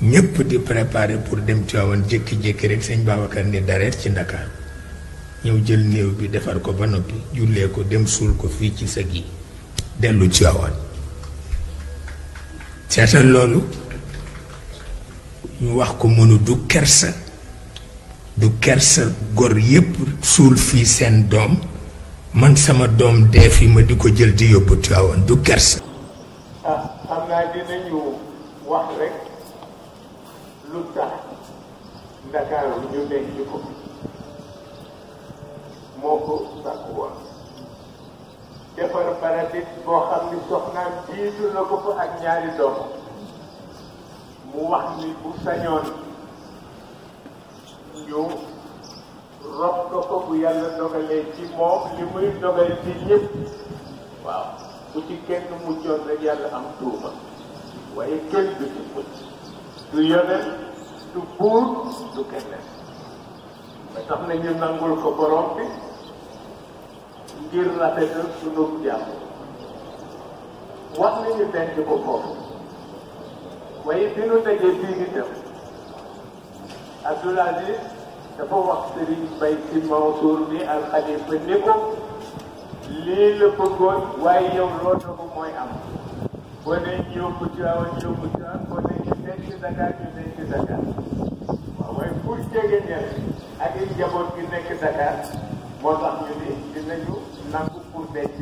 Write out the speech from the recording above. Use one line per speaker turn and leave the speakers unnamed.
ñépp di préparer pour dem Tiwaawan jékki-jékki rek sëñ Babacar ni dareet ci Ndakaar ñëw jël néew bi defar ko ba noppi jullee ko dem suul ko fii ci sëg yi dellu Tiwaawan seetal loolu ñu wax ko mënu du kersa du kers gor yépp suul fii seen doom man sama doom dee fi ma di ko jël di yóbbu Tiwaawan du kersa
ah xam naa dinañu wax rek lu tax Ndakaaru ñu denc ko moo ko sàkku woon defar paradis boo xam ni soxnaam jiitu na ko fa ak ñaari doom mu wax ni bu sañoon ñu rob ko ko bu yàlla dogalee ci moom li muy dogal ci ñëpp waaw bu ci kenn muccoon rek yàlla am tuuma waaye kenn du ci mucc du yonent
du buur du keneen
ba tax na ñu nangul ko borom bi ngir rafetal sunu jàmm wax nañu denc ko foofu waaye bi nu dajee bii ngi dem Abdoul Aziz dafa wax Sëriñ Mbay Si Mansour ni al xalifa ni ko lii la bëggoon waaye yow loo doon mooy am boo nee yóbbu ci awa yóbbu ci awa zakat ñu denc zakat waaw waaye pour jege ñële ak i njaboot gi nekk zakat moo tax ñu ni dinañu nangu pour denc